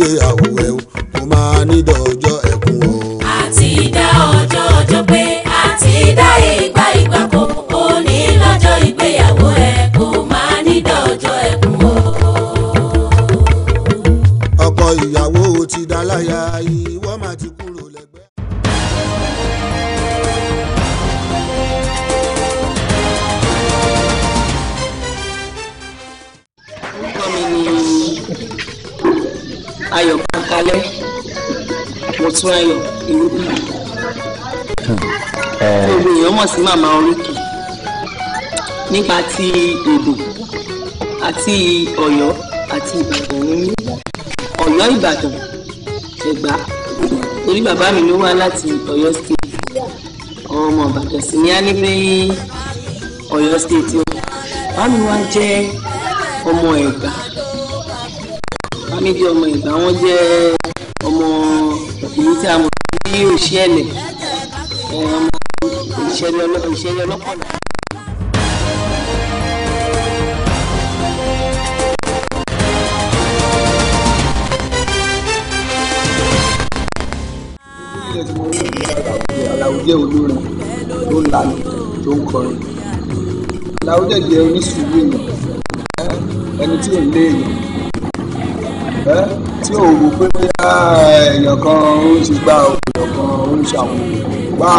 gbéyàwó ẹ. Eh. gbogbo èèyàn mọ̀ sí màmá oríkì nípa ti èdò àti ọ̀yọ́ àti ìbàdàn ní ọ̀yọ́ ìbàdàn ẹ̀gbá torí bàbá mi ló wá láti ọ̀yọ́ state ọmọ ìbàdàn sì ni á ní pé ọ̀yọ́ state o bàbá mi wá jẹ́ ọmọ ẹ̀gbá bàbá mi jẹ́ ọmọ ẹ̀gbá wọ́n jẹ́ ọmọ ìlú tí a mọ̀ sí òṣìẹ̀lẹ̀ eh, ọmọ ìṣẹ́ni ọlọ́pàá ìṣẹ́ni ọlọ́pàá. aláwùjẹ olórin tó ń lanu tó ń kọrin aláwùjẹ jẹ onísùúrù èèyàn ẹni tí ò ń lé èèyàn tí ò wò pé bóyá ah, èèyàn kan ó ti gba èèyàn kan ń ṣàwọn wá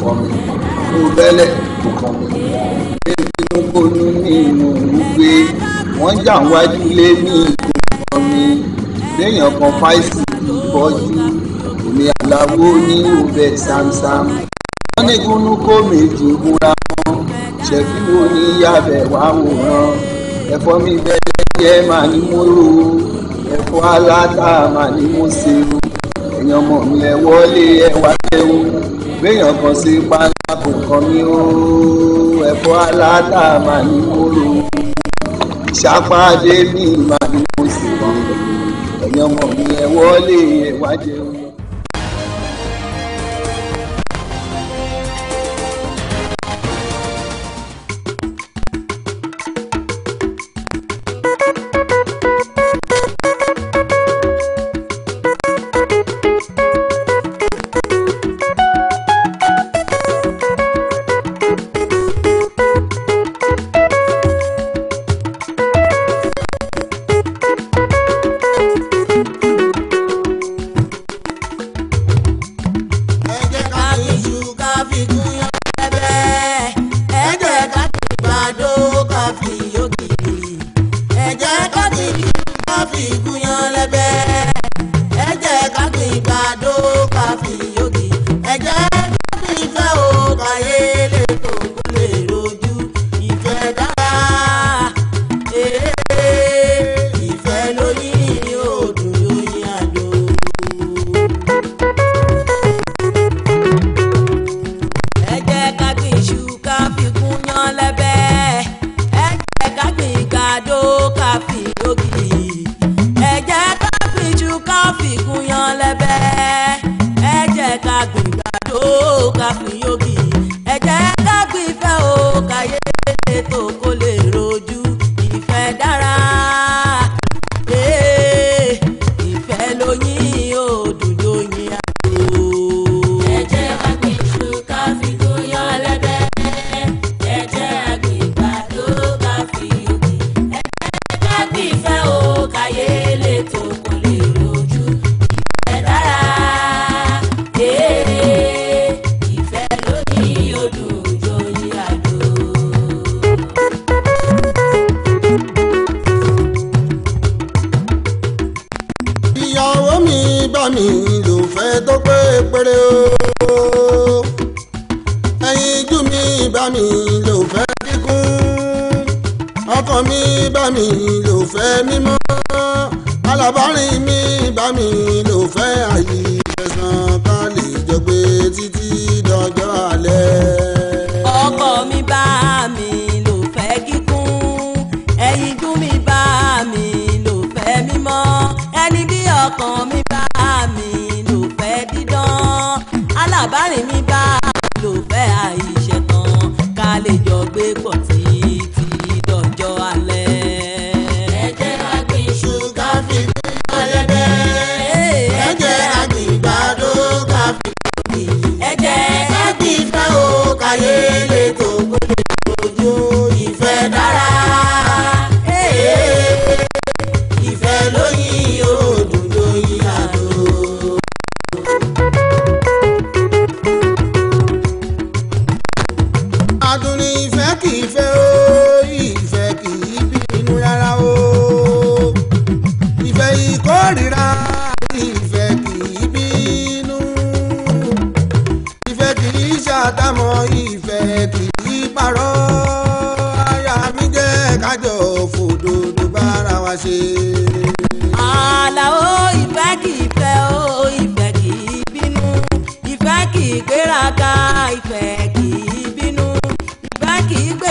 kọ́ mi kú bẹ́lẹ̀ kò kọ́ mi. inú kónú ni mò ń gbé wọ́n jà wájú lé ní ìlú kan mi léèyàn kan fáìsì ìbọjú omi aláwo ní ọbẹ̀ sámsám. wọ́n ní kúnú kó méjì kúra wọn ṣẹ̀fí wo ní yàbẹ̀ wá wòran ẹ̀fọ́ mi bẹ́lẹ̀ jẹ́ màá ní mo rò ó ẹ̀fọ́ aláta màá ní mo ṣe o èèyàn mọ̀ mi ẹ̀ wọlé ẹ̀ wá jẹun gbéyàn kan sí pálákò kan ní ó ẹ̀fọ́ aláta máa ní kóró ìṣàpáde ní ìmàlúwò sí wọn ẹ̀yàn mọ̀ ní ẹ̀wọ́ lè ẹ̀wá jẹun.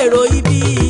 èrò ibi.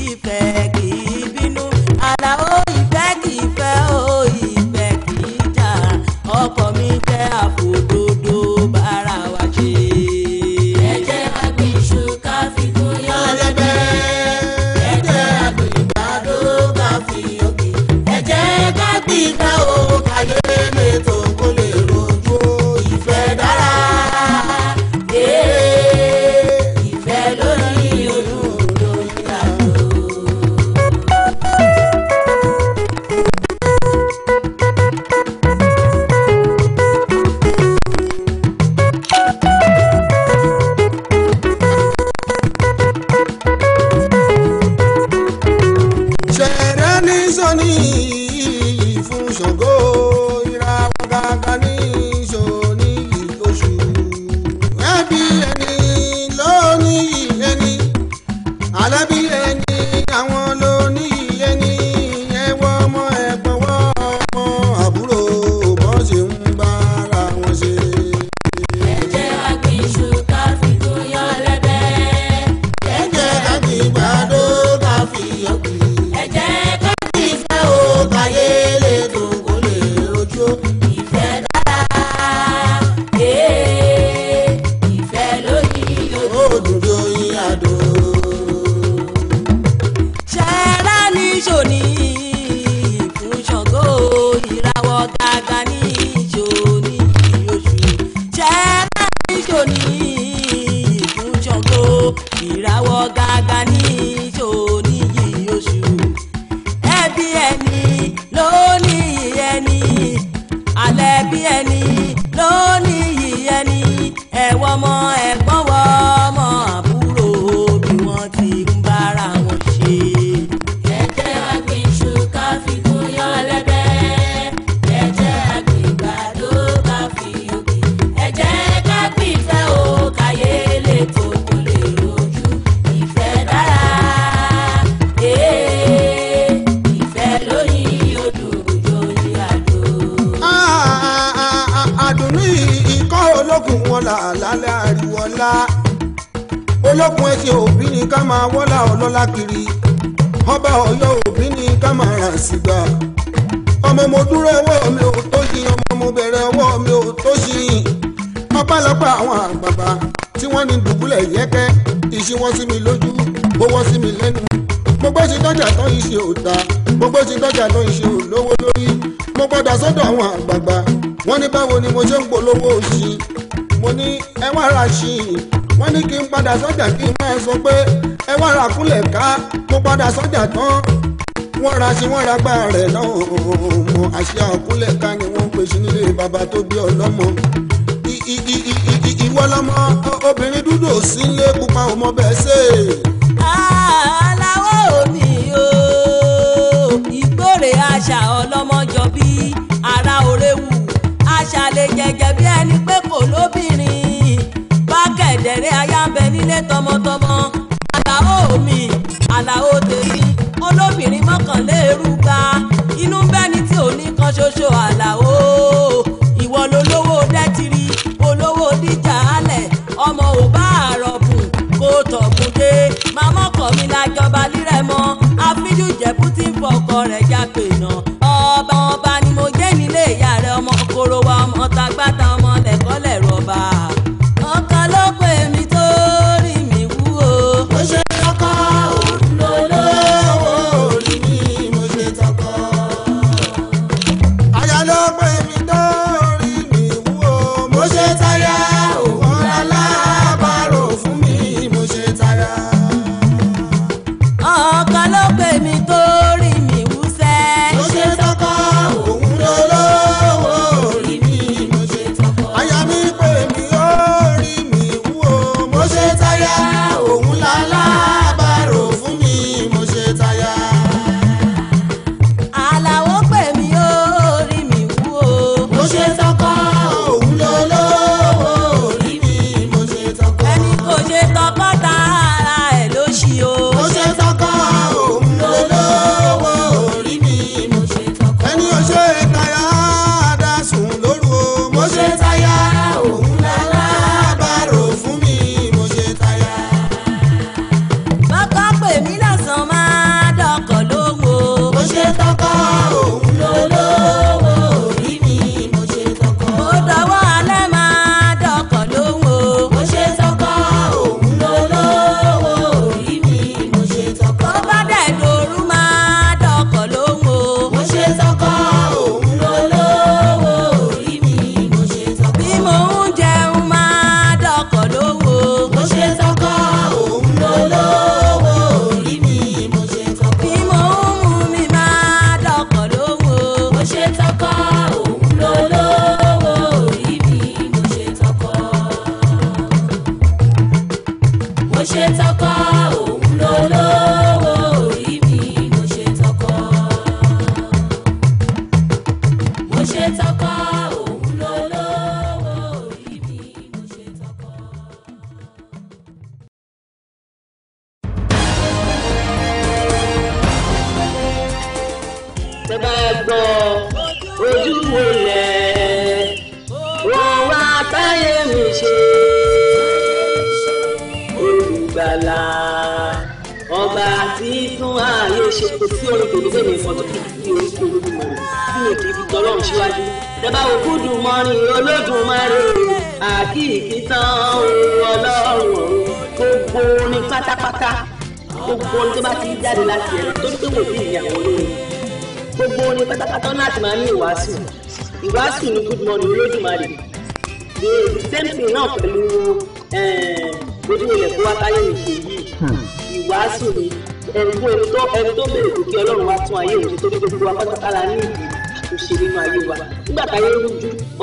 mi ò tó ṣìyìn ọpẹ́lọpẹ́ àwọn àgbààgbà tí wọ́n ní dùbúlẹ̀ yẹ́kẹ́ ìṣíwọ́ sí mi lójú owó sí mi lẹ́nu gbogbo ṣe dọ́jà tán ìṣe òta gbogbo ṣe dọ́jà tán ìṣe òlówó lórí mo gbọ́dọ̀ sọ́dọ̀ àwọn àgbààgbà wọ́n ní báwo ni mo ṣe ń polówó òṣì mo ní ẹ wá ra ṣì wọ́n ní kí n padà sọ́jà kí n máa sọ pé ẹ wá ra kúnlẹ̀ ká mo padà sọ́jà tán wọ́n ra sí wọ́n ra gbà rẹ̀ náà mọ àṣẹ àkúnlẹ̀ ká ni wọ́n pè sí nílé bàbá tó bí ọlọ́mọ. ìwọ lọmọ obìnrin dúdú ò sí nílé pupa ò mọ bẹ́ẹ̀ ṣe. aláwọ̀ omi o ìgbórè àṣà ọlọ́mọjọ bí ara òrewù àṣà lè jẹjẹ bí ẹni pé kò lóbìnrin bá kẹ̀dẹ̀rẹ́ ayábẹ nílé tọmọtọmọ aláwọ̀ omi aláwọ̀ tèmi ọkàn lérúgba inú ń bẹ́ni tí ò ní kan ṣoṣo àlàó ìwọ lolówó dẹ́tìrì olówó díjà alẹ̀ ọmọ ò bá àrọ̀bùn kó tọ̀gùn dé màmá ọkọ mi la jọba lírẹ̀ mọ́ afíjú jẹ̀bú tí ń fọkọ rẹ̀ jápè. You ìwàásù ní good morning marry. the same thing náà pẹ̀lú ojú eh, ilẹ̀ tó wá táyé mi ṣe yìí ìwàásù ni ẹni tó ẹni tó ẹni tó béèrè kò kí ọlọ́run wá tún ayé òun tó gbogbo wa pátápátá la ní ìdí àtúnṣe nínú ayé wa nígbà táyé rújú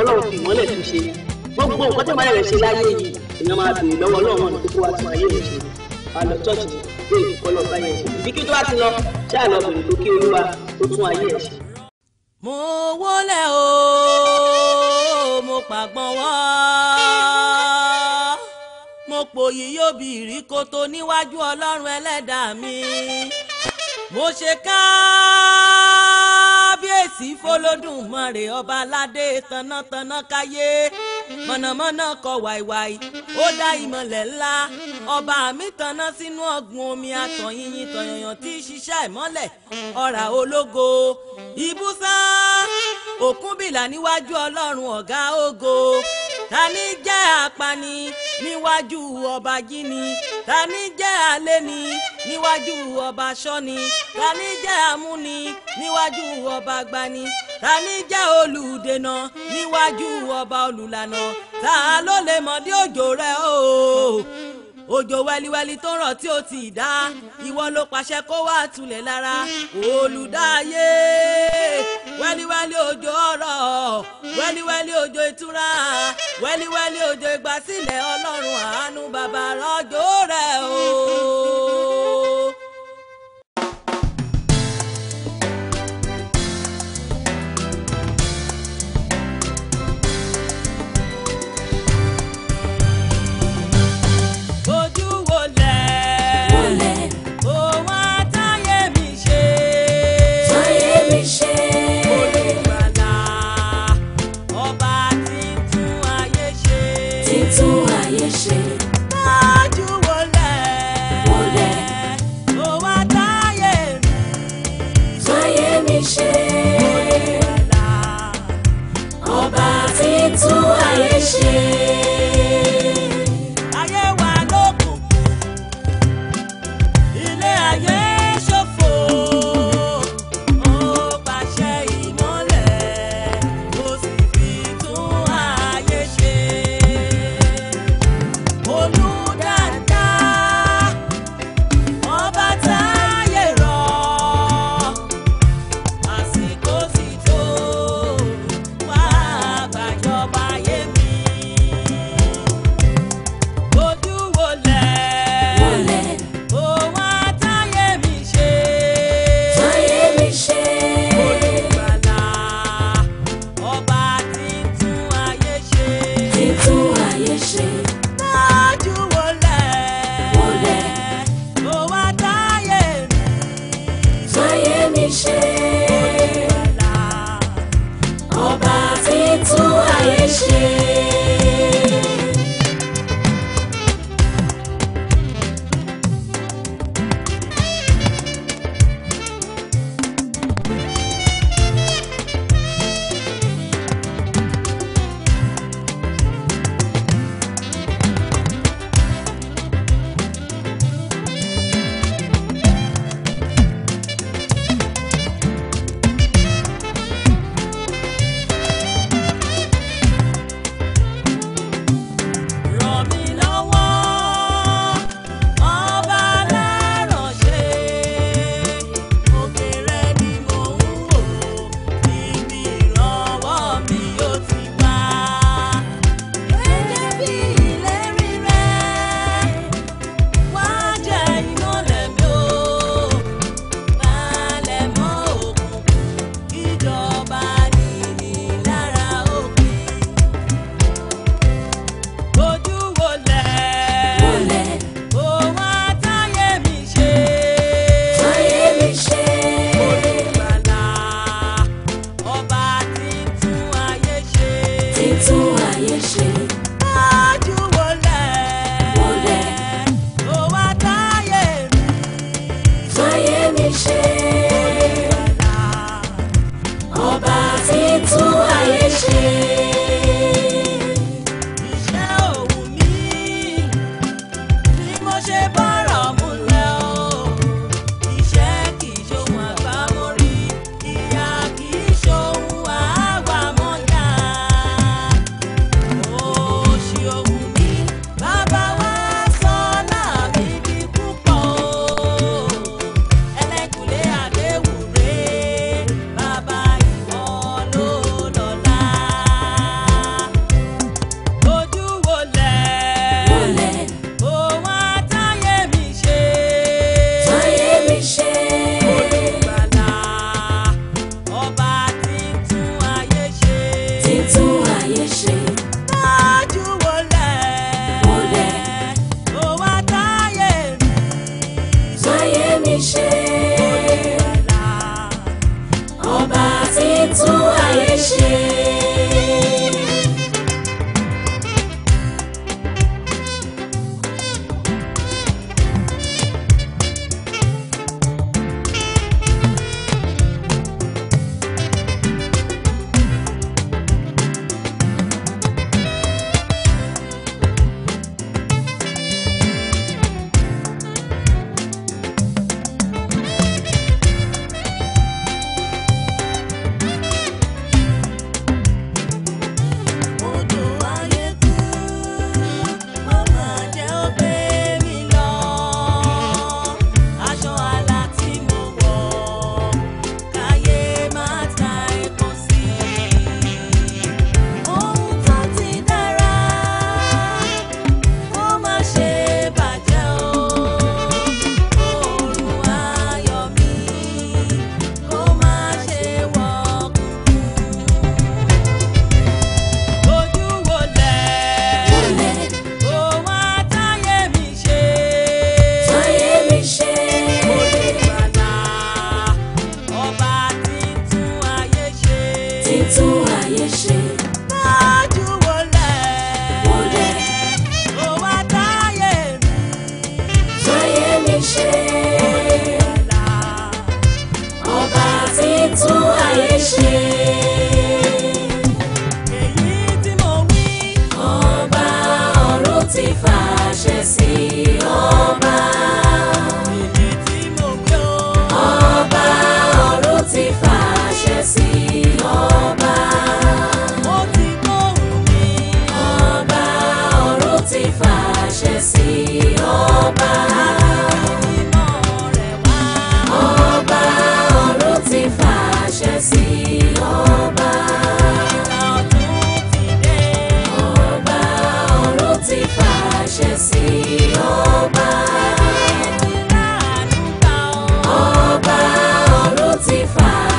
ọlọ́run fi ìmọ́lẹ̀ tún ṣe gbogbo nǹkan tó máa rẹ̀ ṣe láyé yìí èèyàn máa béèrè lọ́wọ́ ọlọ́run ọ̀nà tó kó wá tún ayé òun ṣe àlọ́ chọ́ọ̀chì bẹ́ẹ̀ kọ́ lọ́ọ́ bá yẹn ṣe ìdíkí tó bá ti lọ ṣáà lọ bèrè kó kí olúwa ó tún ayé ẹ̀ ṣe mo wọlé o mo pàgbọ́n wọ́ mo pòyì yóò bí ìríkoto níwájú ọlọ́run ẹlẹ́dàá mi mo ṣe káábíyèsí fọlọ́dún mọ̀rẹ̀ ọba aládé tanátaná káyé mọ̀nàmọ́ná kọ wàìwàì ó dá ìmọ̀lẹ̀ ńlá ọba mi tanná sínú ọ̀gbun omi àtọ̀yìnyín tọ̀yọ̀yàn tí ṣiṣẹ́ ìmọ́lẹ̀ ọ̀rà ológo ibùsà òkúnbìlà níwájú ọlọ́run ọ̀gá ògo tani jẹ́ apani níwájú ọba gíní tani jẹ́ aléni níwájú ọba ṣọ́ni tani jẹ́ amúni níwájú ọba gbani ta ní jẹ́ olùdènà níwájú ọba olùlànà ta ló lè mọ̀ dí òjò rẹ o òjò wẹliwẹli tó rọ̀ tí ó ti dá ìwọ ló pàṣẹ kó wá tulẹ̀ lára olùdáyé wẹliwẹli òjò ọrọ̀ wẹliwẹli òjò ìtura wẹliwẹli òjò ìgbàsílẹ̀ ọlọ́run àánú bàbá rọ̀jò rẹ o.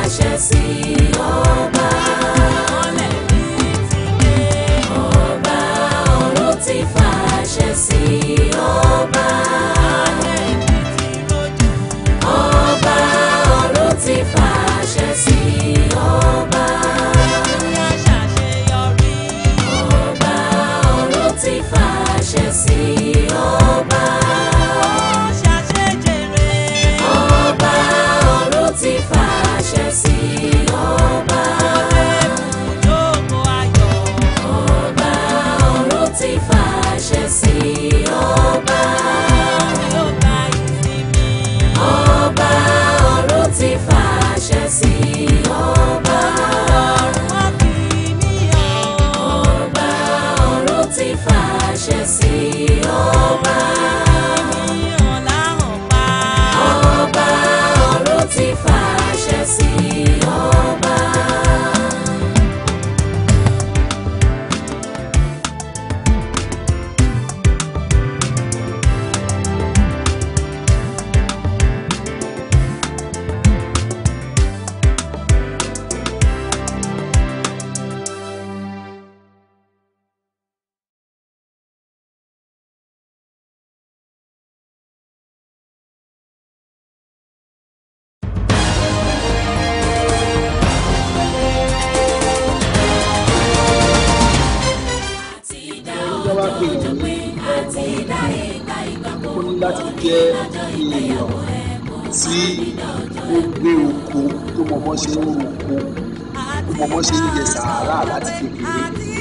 àṣẹ sí ọ̀run. tí ó gbé oko tó mọ̀mọ́ ṣe ń ro oko tó mọ̀mọ́ ṣe ń jẹ sàárà láti kékeré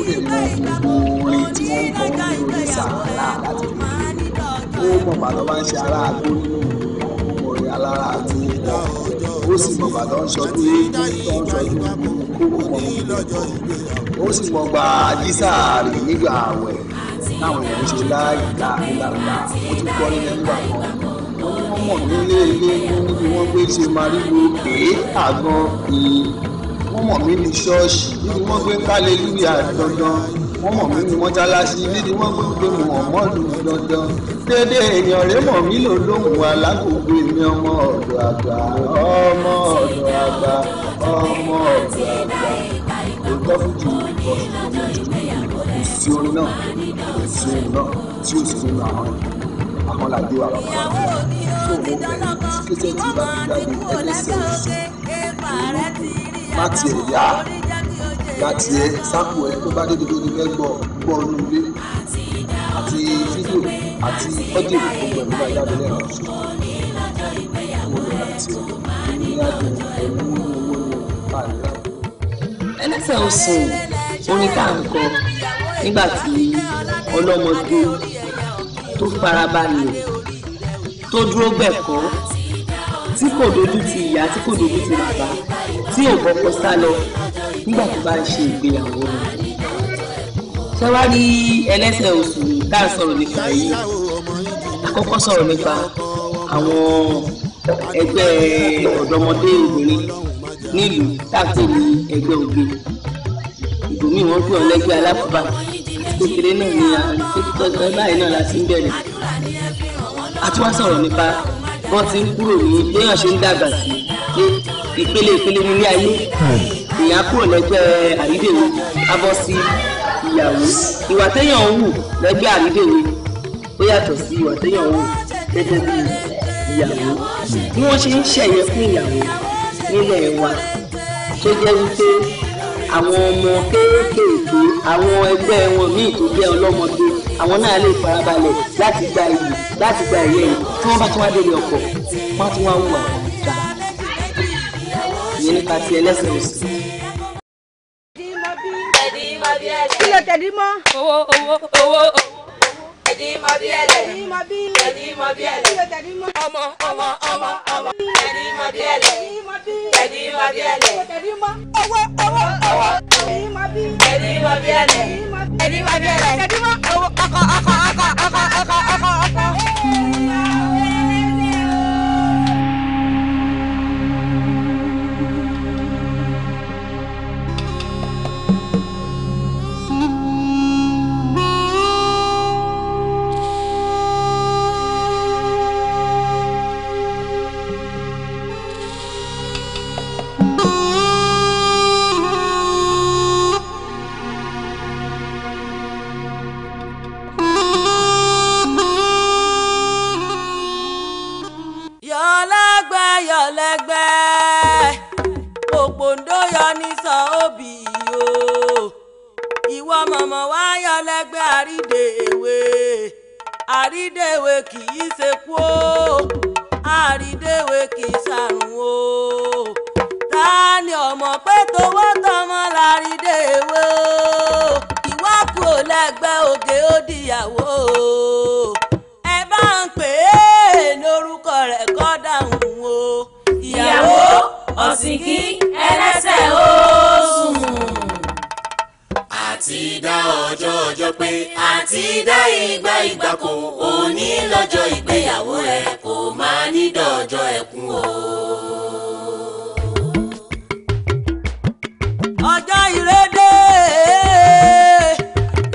ó dẹ̀ mọ gbogbo orin tí wọ́n ń kọ ní orí sàárà láti kékeré ó mọ̀ bàtọ́ bá ń ṣe ará àgbo nínú orin alára àti ìlọ ó sì mọ̀ bàtọ́ ń ṣọdún eégún tó ń ṣọdún kókó mọ̀ ó sì mọ̀ gba jísàárì nígbà àwẹ̀ táwọn èèyàn ń ṣe láàyè láàyè láàyè mo ti kọ́ ní nígbà kan mọ̀ nílé eléégún ni wọ́n gbé ṣe mariwo pé àgbọn wọ́n mọ̀ mí ní ṣọ́ọ̀ṣì níbi wọ́n gbé kálẹ́lúyà dandan wọ́n mọ̀ mí ní mọ́ṣáláṣí níbi wọ́n gbé pé mọ̀mọ́lù dandan dédé èèyàn rẹ̀ mọ̀ mí lò lóhùn alákòókò èmi ọmọ ọ̀dọ̀ àgbà ọmọ ọ̀dọ̀ àgbà ọmọ ọ̀dọ̀ àgbà òótọ́ fìdí ìbọn ìbọn ìjọba kò sí orin náà kò sí orin náà tí ò sí nínú àwọn ìbọn àwọn làdé wa bàbá wa tó mú bẹ́ẹ̀ kíkẹ́ tí bá fi jáde ẹlẹ́sẹ̀ òsì má tiẹ̀ yá yá tiẹ̀ sápò ẹ tó bá débi lórí lẹ́gbọ̀ọ́ gbọ́ ọ́nú ilé àti fídíò àti ọ́dìò gbogbo ẹ̀ ló bá jáde lẹ́nu ọ̀sùn owó ló bá tiẹ̀ ìrìn àjò ẹ̀mú owó ló bá lọ. ẹlẹ́sẹ̀ òsì orin tá à ń kọ nígbà tí ọlọ́mọdé tó farabalẹ̀ tó dúró gbẹ̀kọ́ tí kò dojú ti ìyá tí kò dojú ti bàbá tí ò kọ́kọ́ sá lọ nígbà tó bá ń ṣe ìgbéyàwó rẹ̀. ṣé wàá rí ẹlẹ́sẹ̀ oṣù tá a sọ̀rọ̀ nípa yìí àkọ́kọ́ sọ̀rọ̀ nípa àwọn ẹgbẹ́ ọ̀dọ́mọdé obìnrin nílùú tá a pè ní ẹgbẹ́ ògbé ìgbòmí wọn pè ọ́ lẹ́gbẹ́ aláfúbà kékeré náà ni àtúntò báyìí náà la ti ń bẹ̀rẹ̀ àti wá sọ̀rọ̀ nípa wọ́n ti ń kúrò ní léèyàn ṣe ń dàgbà sí pé ìpele ìpele nílé ayé èèyàn kúrò lẹ́gbẹ́ àrídèwé abọ́ sí ìyàwó ìwà téèyàn ń wù lẹ́gbẹ́ àrídèwé ó yàtọ̀ sí ìwà téèyàn ń wù gẹ́gẹ́ bí ìyàwó bí wọ́n ṣe ń ṣẹ̀yẹ fún ìyàwó nílẹ̀ wa tó jẹ́ wípé àwọn ọmọ kéékèèké àwọn ẹgbẹ́ wọn míì tó jẹ́ ọlọ́mọdé àwọn náà lè farabalẹ̀ láti gba iyì láti gba ẹ̀yẹ yìí tí wọ́n bá tún wá délé ọkọ̀ wọ́n tún wá hùwà dá ìyẹn nípa ti ẹlẹ́sìn òsì. kí ló tẹ̀lé mọ́. owó owó owó owó ẹni mọ bí ẹlẹ ẹni mọ bí ẹlẹ ọmọ ọmọ ọmọ ọmọ ẹni mọ bí ẹlẹ ẹni mọ bí ẹlẹ ọwọ́ ọwọ́ ọwọ́ ẹni mọ bí ẹlẹ ẹni mọ bí ẹlẹ ọkọ ọkọ ọkọ ọkọ ọkọ ọkọ ọkọ. lẹ́gbẹ́ yọ lẹ́gbẹ́ òpòǹdó yọ ní sọ òbí o ìwọ mọ̀mọ́ wá yọ lẹ́gbẹ́ àrídèwé àrídèwé kì í ṣe kú o àrídèwé kì í ṣàrùn o ta ni ọmọ pé towó tọmọ làrídèwé o ìwákùú lẹ́gbẹ́ òkè ó dìyàwó o. ọ̀sìnkì ẹlẹ́sẹ̀ ó sùn. àti dá ọjọ́ ọjọ́ pé àti dá ìgbà ìgbà kò òní lọ́jọ́ ìgbéyàwó ẹ kò máa ní dọ̀jọ́ ẹkún o. ọjọ́ ìrédè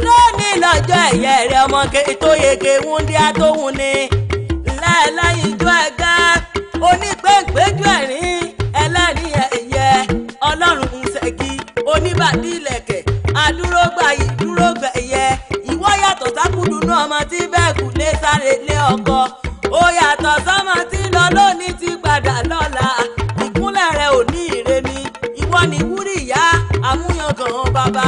lónìí lọ́jọ́ ẹ̀yẹ rẹ̀ ọmọ tó yege wúndíá tó wù ní lẹ́ẹ̀lẹ́yìn ijó ẹ̀gá onígbẹ̀ngbẹ́jọ́ ẹ̀rín ẹlẹ́ni ẹ̀yẹ ọlọ́run ń ṣẹ́gi oníbàdí ilẹ̀kẹ̀ adúrógbà ìdúrógbà ẹ̀yẹ ìwọ yàtọ̀ sákùdùnú ọmọ tí bẹ́ẹ̀ kù lé sáré lé ọkọ ó yàtọ̀ sọ́mọ tí lọ lónìí ti padà lọ́la ìkúnlẹ̀ rẹ ò ní ìremi ìwọ ni wúrí ìyá àmúyangàn bàbá.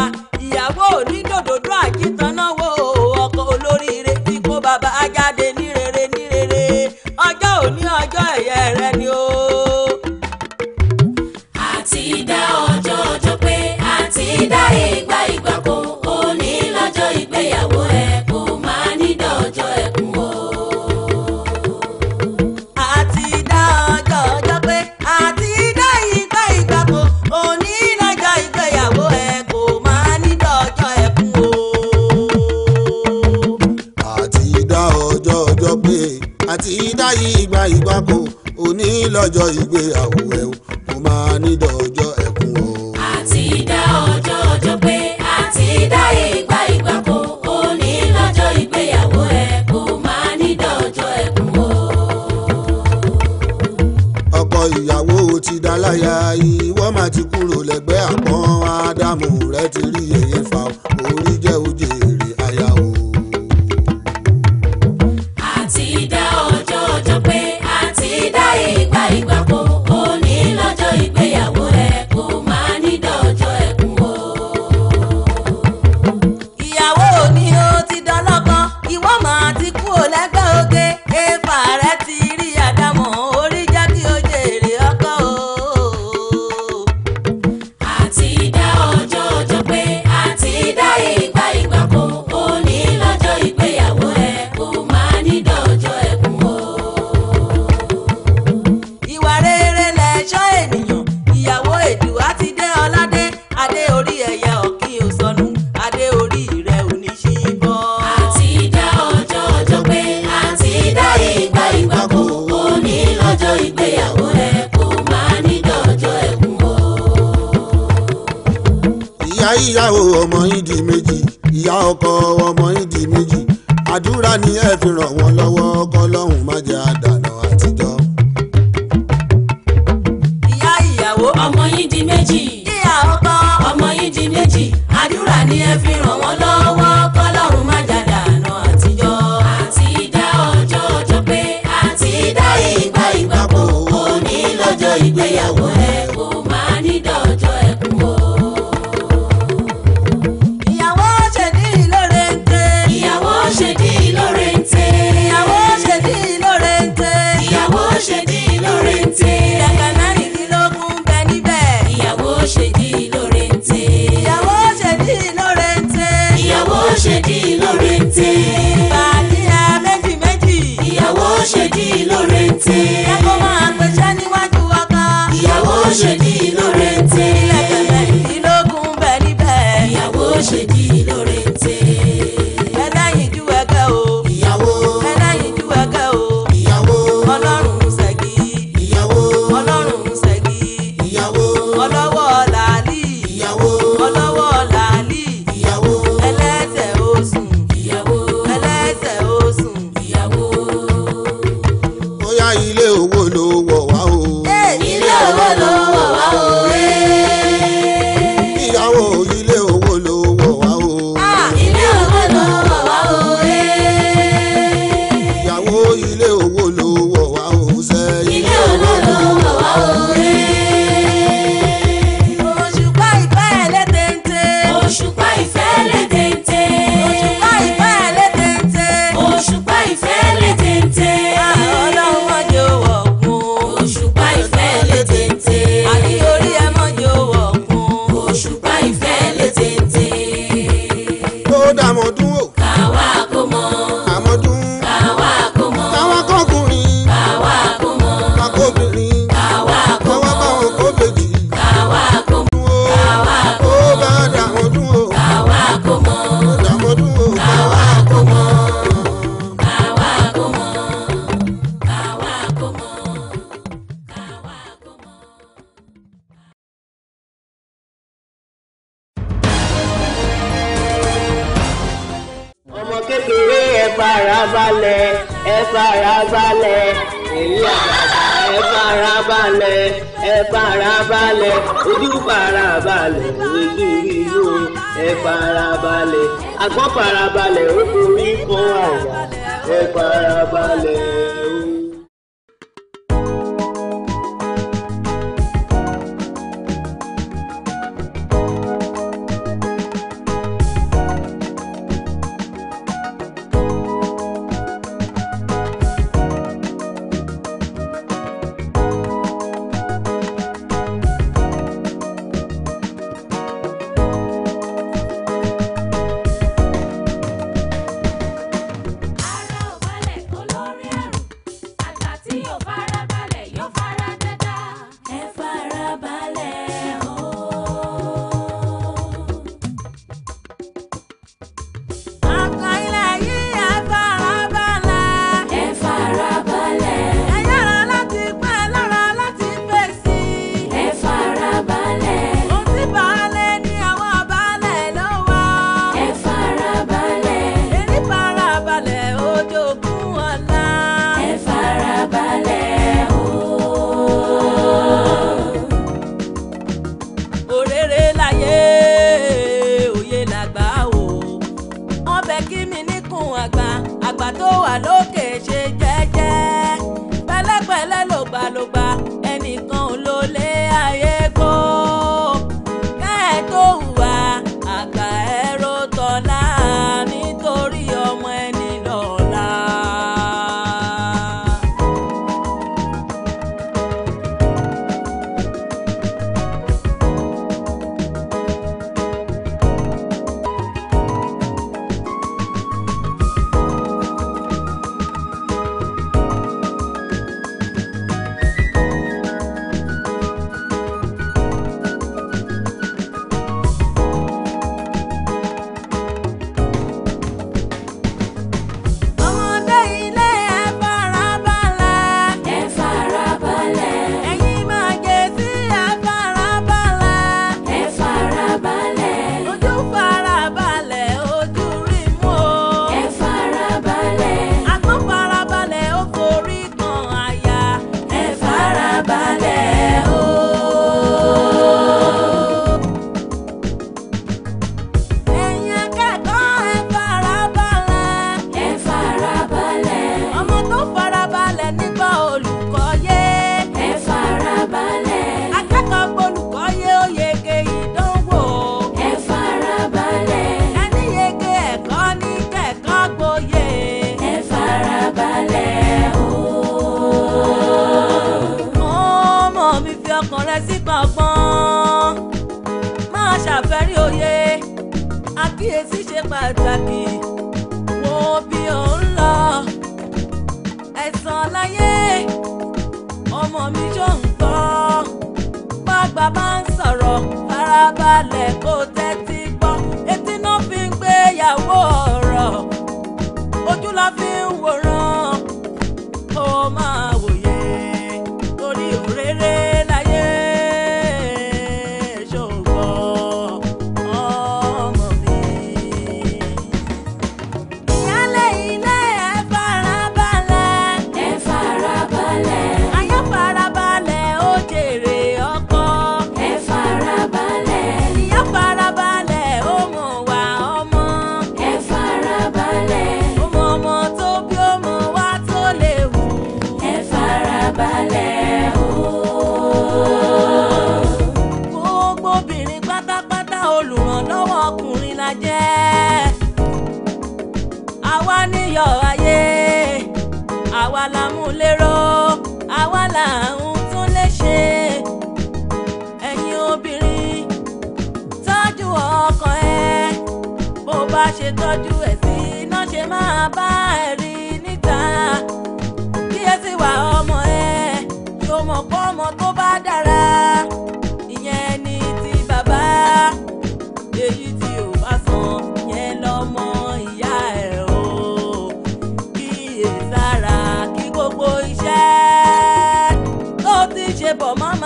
achei dààmú ọdún wò. káwá. Adiós.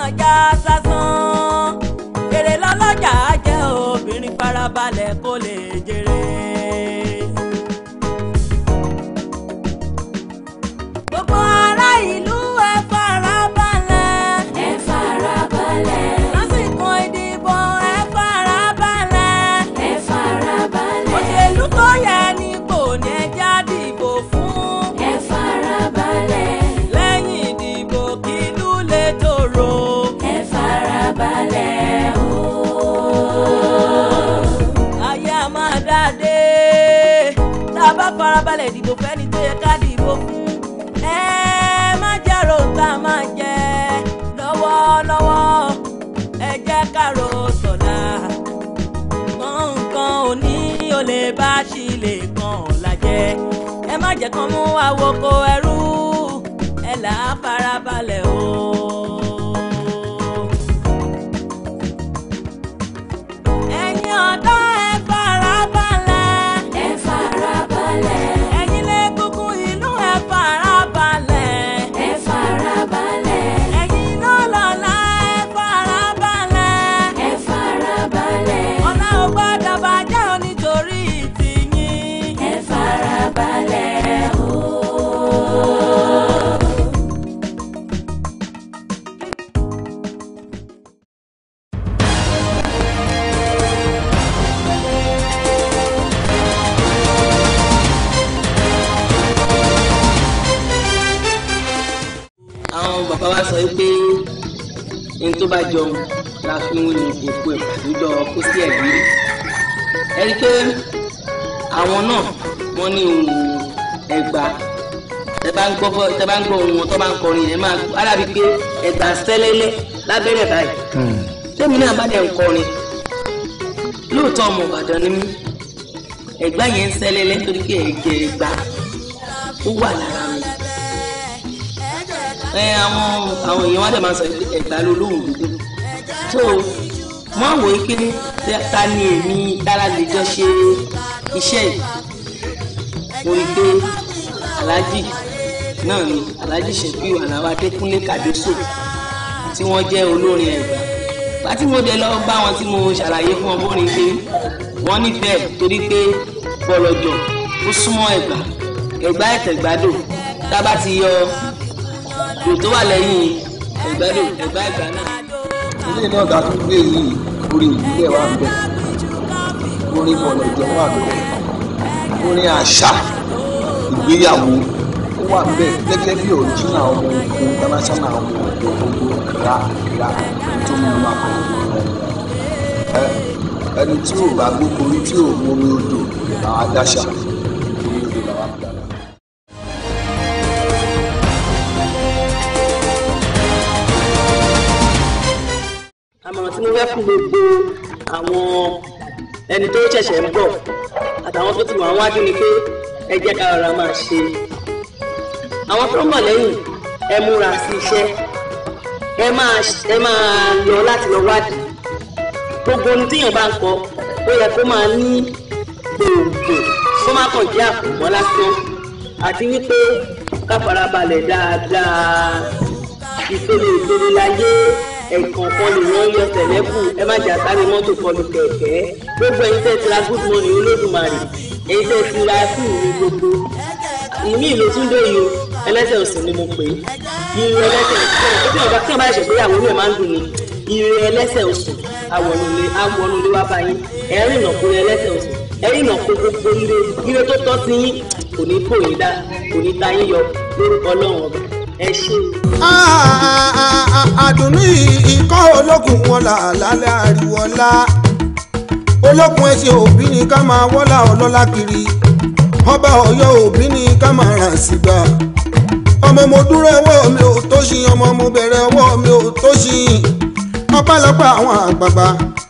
ọlọ́mọjà sásán èrè lọ́lọ́jà jẹ́ obìnrin farabalẹ̀ kó lè jẹ́. kárò tọ̀la nǹkan òní ò lè bá ṣì lè kàn ọ̀la jẹ ẹ má jẹ́ kán mú àwòkọ ẹrú ẹ là á farabalẹ̀ o. bá ń gbọ́ fọ́ tẹ́ bá ń gbọ́ ohun tó bá ń kọrin yẹn máa arábi pé ẹ̀gbà sẹ́lẹ́lẹ́ lábẹ́rẹ́ báyìí hmm. tẹ́mi náà bá dẹ̀ ń kọrin lóòótọ́ ọmọ Ìbàdàn ni mí ẹ̀gbá yẹn ń sẹ́lẹ́lẹ́ torí pé ẹ̀jẹ̀ ẹ̀gbá ó wà lára mi ẹ àwọn àwọn èèyàn wá dẹ̀ máa sọ ẹ̀gbá ló lóhùn dúdú tó mọ́ àwòrán pé ta ni èmi dára ṣe iṣẹ́ yìí mo rí i náà ni alhaji shefiu alaba adékúnlé kàdéso tí wọ́n jẹ́ olórin ẹ̀gbá láti mo dé lọ bá wọn tí mo ṣàlàyé fún ọmọ orin pé wọ́n nífẹ̀ẹ́ torí pé bọ̀lọ̀jọ̀ ó súnmọ́ ẹ̀gbá ẹ̀gbá ẹ̀tẹ̀gbádò tá a bá ti yọ dò tó wà lẹ́yìn ẹ̀gbádò ẹ̀gbá ẹ̀gbá náà. ilé náà ga tó gbé yìí orin ìbílẹ̀ wa ń bẹ̀ orin bọ̀lọ̀jọ̀ wà ń bẹ̀ orin àṣà ìgbéyàwó ó wà bẹ́ẹ̀ gẹ́gẹ́ bí òjìnà ọmọ ogun international ọmọ ogun ìlà ìlà tó mú wa kọ ẹni tí ò bá gbóko orí tí ò mú omi odò àwọn adáṣà ẹni tó ṣẹ̀ṣẹ̀ ń bọ̀ àtàwọn tó ti mọ̀ wájú ni pé ẹ jẹ́ ká rọra máa ṣe àwọn tó ń bọ̀ lẹ́yìn ẹ múra sí iṣẹ́ ẹ máa ẹ máa lọ láti lọ wádìí gbogbo ohun tíyàn bá ń kọ ó yẹ kó máa ní gbòǹgbò kó má kàn jẹ́ àpòmọ́ lásán àti wípé ká farabalẹ̀ dáadáa ìṣòro ìṣòro láyé ẹ̀kọ̀ọ̀kan lèèyàn yọ tẹ̀lẹ́kùn ẹ má jà sáré mọ́tò kọlù kẹ̀kẹ́ gbogbo ẹ̀yin tẹ́ ti ra good morning olódùmarè ẹ̀yin tẹ́ ti ra fún mi gbogbo ìmí ìlò túndé yìí o ẹlẹ́sẹ̀ òsì ni mo pè é ìrìn ẹlẹ́sẹ̀ òsì tí ọba tí ọba ẹ̀ṣẹ̀ rẹ̀ máa ń dùn ní ìrìn ẹlẹ́sẹ̀ òsì àwọ̀nulẹ̀ àwọ̀nulẹ̀ wá báyìí ẹ̀rín ìnàkúrẹ́ ẹlẹ́sẹ̀ òsì ẹ̀rín ìnàkú gbogbo ilé ire tó tọ́ sí yín kò ní kó yín dá kò ní ta yín yọ lórúkọ ọlọ́run ọba ẹ ṣe. àdùnnú ikọ́ ológun wọn lálẹ́ àríwọ́lá ológun ẹsẹ̀ òbí ni ká máa wọ́lá ọlọ́lá kiri ọba ọ̀yọ́ òbí ni ká máa ràn sígbà ọmọ mo dúró ọwọ́ mi ò tó ṣin ọmọ mo bẹ̀rẹ̀ ọwọ́ mi ò tó ṣin ọpẹ́lọpẹ́ àwọn àgbààgbà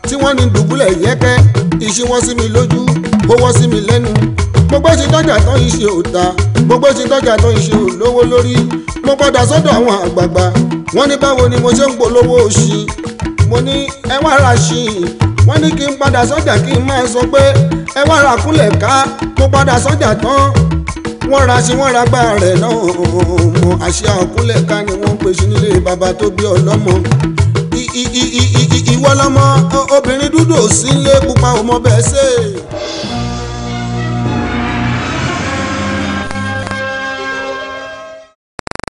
tí wọ́n ní dùbúlẹ̀ yẹ́kẹ́ ìṣíwọ́ sí mi lójú owó sí mi lẹ́nu gbogbo ṣe tọ́jà tán ìṣe òta gbogbo ṣe tọ́jà tán ìṣe òlówó lórí mo padà sọ́dọ̀ àwọn àgbààgbà wọ́n ní báwo ni mo ṣe ń polówó òṣì mo ní ẹ wá ra ṣì wọ́n ní kí n padà sọ́jà kí n máa sọ pé ẹ wá ra kúnlẹ̀ ká tó padà sọ́jà tán wọ́n ra sí wọ́n ra gbá rẹ̀ náà mọ àṣẹ àkúnlẹ̀ ká ni wọ́n pè sí nílé bàbá tó bí ọlọ́mọ ìwọ obìnrin dúdú ò sí ilé pupa ò mọ bẹ́ẹ̀ ṣe.